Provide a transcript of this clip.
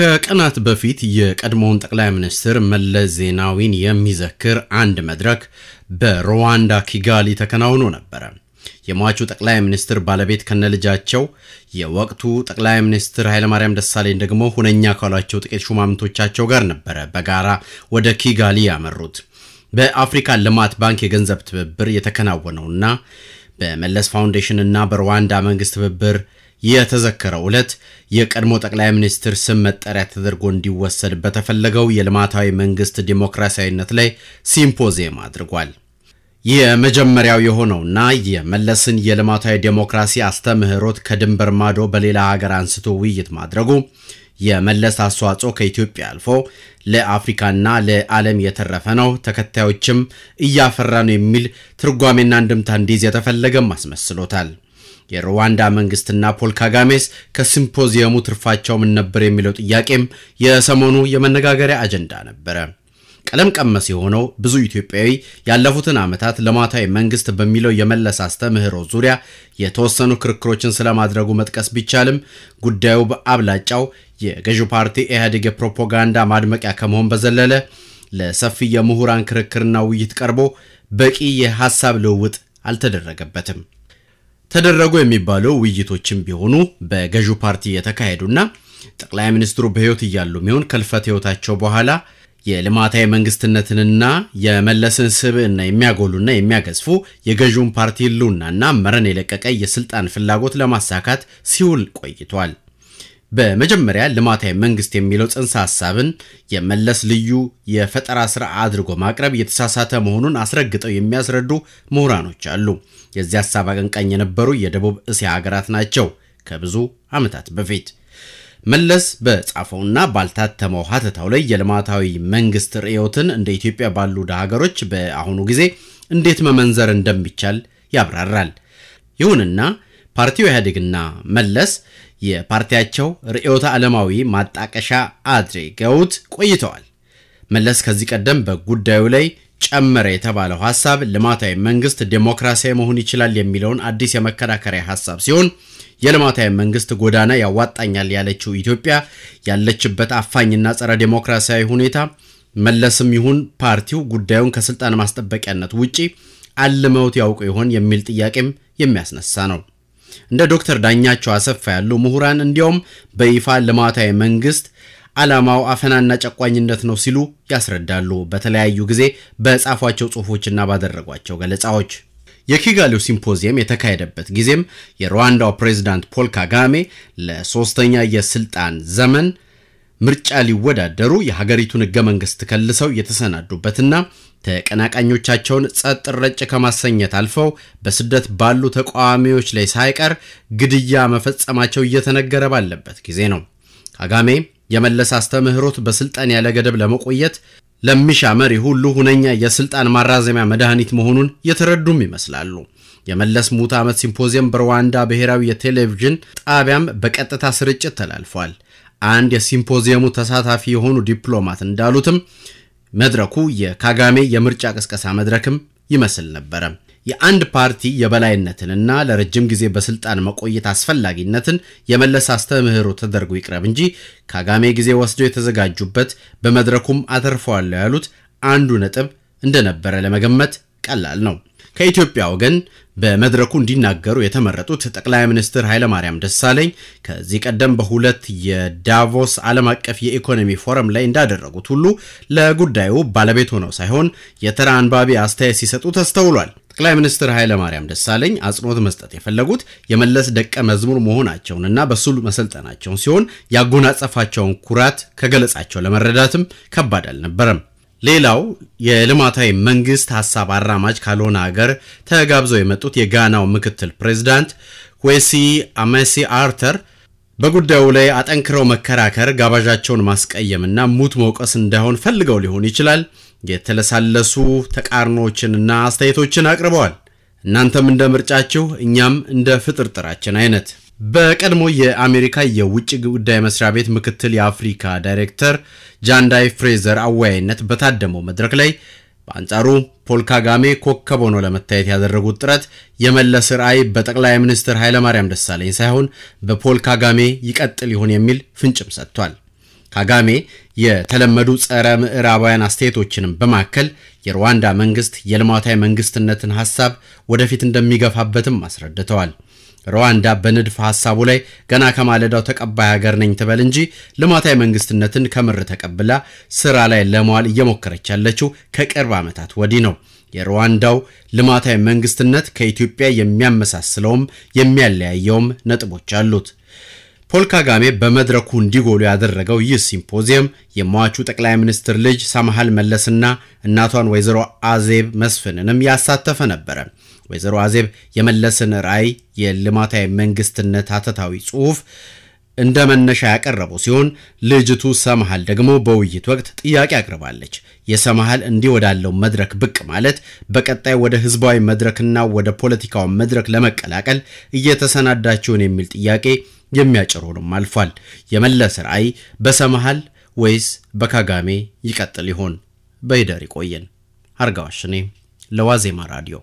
ከቀናት በፊት የቀድሞውን ጠቅላይ ሚኒስትር መለስ ዜናዊን የሚዘክር አንድ መድረክ በሩዋንዳ ኪጋሊ ተከናውኖ ነበረ። የሟቹ ጠቅላይ ሚኒስትር ባለቤት ከነልጃቸው፣ የወቅቱ ጠቅላይ ሚኒስትር ኃይለማርያም ደሳለኝ ደግሞ ሁነኛ ካሏቸው ጥቂት ሹማምንቶቻቸው ጋር ነበረ በጋራ ወደ ኪጋሊ ያመሩት። በአፍሪካ ልማት ባንክ የገንዘብ ትብብር የተከናወነውና በመለስ ፋውንዴሽን እና በሩዋንዳ መንግስት ትብብር የተዘከረው ዕለት የቀድሞ ጠቅላይ ሚኒስትር ስም መጠሪያ ተደርጎ እንዲወሰድ በተፈለገው የልማታዊ መንግስት ዲሞክራሲያዊነት ላይ ሲምፖዚየም አድርጓል። የመጀመሪያው የሆነውና የመለስን የልማታዊ ዴሞክራሲ አስተምህሮት ከድንበር ማዶ በሌላ ሀገር አንስቶ ውይይት ማድረጉ የመለስ አስተዋጽኦ ከኢትዮጵያ አልፎ ለአፍሪካና ለዓለም የተረፈ ነው፣ ተከታዮችም እያፈራ ነው የሚል ትርጓሜና እንድምታ እንዲይዝ የተፈለገም አስመስሎታል። የሩዋንዳ መንግስትና ፖል ካጋሜስ ከሲምፖዚየሙ ትርፋቸው ምን ነበር የሚለው ጥያቄም የሰሞኑ የመነጋገሪያ አጀንዳ ነበረ። ቀለም ቀመስ የሆነው ብዙ ኢትዮጵያዊ ያለፉትን ዓመታት ልማታዊ መንግስት በሚለው የመለስ አስተምህሮ ዙሪያ የተወሰኑ ክርክሮችን ስለማድረጉ መጥቀስ ቢቻልም ጉዳዩ በአብላጫው የገዢው ፓርቲ ኢህአዴግ የፕሮፓጋንዳ ማድመቂያ ከመሆን በዘለለ ለሰፊ የምሁራን ክርክርና ውይይት ቀርቦ በቂ የሐሳብ ልውውጥ አልተደረገበትም። ተደረጉ የሚባሉ ውይይቶችም ቢሆኑ በገዢው ፓርቲ የተካሄዱና ጠቅላይ ሚኒስትሩ በሕይወት እያሉ ሚሆን ከልፈት ሕይወታቸው በኋላ የልማታዊ መንግስትነትንና የመለስን ስብዕና የሚያጎሉና የሚያገዝፉ የገዢውን ፓርቲ ህልውናና መረን የለቀቀ የስልጣን ፍላጎት ለማሳካት ሲውል ቆይቷል። በመጀመሪያ ልማታዊ መንግስት የሚለው ጽንሰ ሐሳብን የመለስ ልዩ የፈጠራ ስራ አድርጎ ማቅረብ የተሳሳተ መሆኑን አስረግጠው የሚያስረዱ ምሁራኖች አሉ። የዚህ ሐሳብ አቀንቃኝ የነበሩ የደቡብ እስያ ሀገራት ናቸው። ከብዙ ዓመታት በፊት መለስ በጻፈውና ባልታተመው ሀተታው ላይ የልማታዊ መንግስት ርዕዮትን እንደ ኢትዮጵያ ባሉ ሀገሮች በአሁኑ ጊዜ እንዴት መመንዘር እንደሚቻል ያብራራል። ይሁንና ፓርቲው ኢህአዴግና መለስ የፓርቲያቸው ርዕዮተ ዓለማዊ ማጣቀሻ አድርገውት ቆይተዋል። መለስ ከዚህ ቀደም በጉዳዩ ላይ ጨመረ የተባለው ሀሳብ ልማታዊ መንግስት ዴሞክራሲያዊ መሆን ይችላል የሚለውን አዲስ የመከራከሪያ ሀሳብ ሲሆን የልማታዊ መንግስት ጎዳና ያዋጣኛል ያለችው ኢትዮጵያ ያለችበት አፋኝና ጸረ ዴሞክራሲያዊ ሁኔታ መለስም ይሁን ፓርቲው ጉዳዩን ከስልጣን ማስጠበቂያነት ውጪ አልመውት ያውቁ ይሆን የሚል ጥያቄም የሚያስነሳ ነው። እንደ ዶክተር ዳኛቸው አሰፋ ያሉ ምሁራን እንዲያውም በይፋ ልማታዊ መንግስት ዓላማው አፈናና ጨቋኝነት ነው ሲሉ ያስረዳሉ። በተለያዩ ጊዜ በጻፏቸው ጽሁፎችና ባደረጓቸው ገለጻዎች የኪጋሊው ሲምፖዚየም የተካሄደበት ጊዜም የሩዋንዳው ፕሬዚዳንት ፖል ካጋሜ ለሶስተኛ የስልጣን ዘመን ምርጫ ሊወዳደሩ የሀገሪቱን ህገ መንግስት ከልሰው የተሰናዱበትና ተቀናቃኞቻቸውን ጸጥ ረጭ ከማሰኘት አልፈው በስደት ባሉ ተቃዋሚዎች ላይ ሳይቀር ግድያ መፈጸማቸው እየተነገረ ባለበት ጊዜ ነው። ካጋሜ የመለስ አስተምህሮት በስልጣን ያለ ገደብ ለመቆየት ለሚሻ መሪ ሁሉ ሁነኛ የስልጣን ማራዘሚያ መድኃኒት መሆኑን የተረዱም ይመስላሉ። የመለስ ሙት ዓመት ሲምፖዚየም በሩዋንዳ ብሔራዊ የቴሌቪዥን ጣቢያም በቀጥታ ስርጭት ተላልፏል። አንድ የሲምፖዚየሙ ተሳታፊ የሆኑ ዲፕሎማት እንዳሉትም መድረኩ የካጋሜ የምርጫ ቅስቀሳ መድረክም ይመስል ነበረ። የአንድ ፓርቲ የበላይነትንና ለረጅም ጊዜ በስልጣን መቆየት አስፈላጊነትን የመለስ አስተምህሮ ተደርጎ ይቅረብ እንጂ ካጋሜ ጊዜ ወስደው የተዘጋጁበት በመድረኩም አተርፈዋለሁ ያሉት አንዱ ነጥብ እንደነበረ ለመገመት ቀላል ነው። ከኢትዮጵያ ወገን በመድረኩ እንዲናገሩ የተመረጡት ጠቅላይ ሚኒስትር ኃይለማርያም ደሳለኝ ከዚህ ቀደም በሁለት የዳቮስ ዓለም አቀፍ የኢኮኖሚ ፎረም ላይ እንዳደረጉት ሁሉ ለጉዳዩ ባለቤት ሆነው ሳይሆን የተራ አንባቢ አስተያየት ሲሰጡ ተስተውሏል። ጠቅላይ ሚኒስትር ኃይለማርያም ደሳለኝ አጽንኦት መስጠት የፈለጉት የመለስ ደቀ መዝሙር መሆናቸውንና በሱ መሰልጠናቸውን ሲሆን ያጎናጸፋቸውን ኩራት ከገለጻቸው ለመረዳትም ከባድ አልነበረም። ሌላው የልማታዊ መንግስት ሀሳብ አራማጅ ካልሆነ ሀገር ተጋብዘው የመጡት የጋናው ምክትል ፕሬዚዳንት ኩዌሲ አማሲ አርተር በጉዳዩ ላይ አጠንክረው መከራከር ጋባዣቸውን ማስቀየምና ሙት መውቀስ እንዳይሆን ፈልገው ሊሆን ይችላል። የተለሳለሱ ተቃርኖችንና አስተያየቶችን አቅርበዋል። እናንተም እንደ ምርጫችሁ፣ እኛም እንደ ፍጥርጥራችን አይነት በቀድሞ የአሜሪካ የውጭ ጉዳይ መስሪያ ቤት ምክትል የአፍሪካ ዳይሬክተር ጃንዳይ ፍሬዘር አወያይነት በታደመው መድረክ ላይ በአንጻሩ ፖል ካጋሜ ኮከብ ሆኖ ለመታየት ያደረጉት ጥረት የመለስ ራዕይ በጠቅላይ ሚኒስትር ኃይለማርያም ደሳለኝ ሳይሆን በፖል ካጋሜ ይቀጥል ይሆን የሚል ፍንጭም ሰጥቷል። ካጋሜ የተለመዱ ጸረ ምዕራባውያን አስተያየቶችንም በማከል የሩዋንዳ መንግስት የልማታዊ መንግስትነትን ሐሳብ ወደፊት እንደሚገፋበትም አስረድተዋል። ሩዋንዳ በንድፈ ሐሳቡ ላይ ገና ከማለዳው ተቀባይ ሀገር ነኝ ትበል እንጂ ልማታዊ መንግስትነትን ከምር ተቀብላ ስራ ላይ ለመዋል እየሞከረች ያለችው ከቅርብ ዓመታት ወዲህ ነው። የሩዋንዳው ልማታዊ መንግስትነት ከኢትዮጵያ የሚያመሳስለውም የሚያለያየውም ነጥቦች አሉት። ፖል ካጋሜ በመድረኩ እንዲጎሉ ያደረገው ይህ ሲምፖዚየም የሟቹ ጠቅላይ ሚኒስትር ልጅ ሳምሃል መለስና እናቷን ወይዘሮ አዜብ መስፍንንም ያሳተፈ ነበረ። ወይዘሮ አዜብ የመለስን ራዕይ የልማታዊ መንግስትነት አተታዊ ጽሑፍ እንደ መነሻ ያቀረቡ ሲሆን ልጅቱ ሰመሃል ደግሞ በውይይት ወቅት ጥያቄ አቅርባለች። የሰመሃል እንዲህ ወዳለው መድረክ ብቅ ማለት በቀጣይ ወደ ህዝባዊ መድረክና ወደ ፖለቲካው መድረክ ለመቀላቀል እየተሰናዳችውን የሚል ጥያቄ የሚያጭሩንም አልፏል። የመለስ ራዕይ በሰመሃል ወይስ በካጋሜ ይቀጥል ይሆን? በሂደር ይቆየን። አርጋዋሽኔ ለዋዜማ ራዲዮ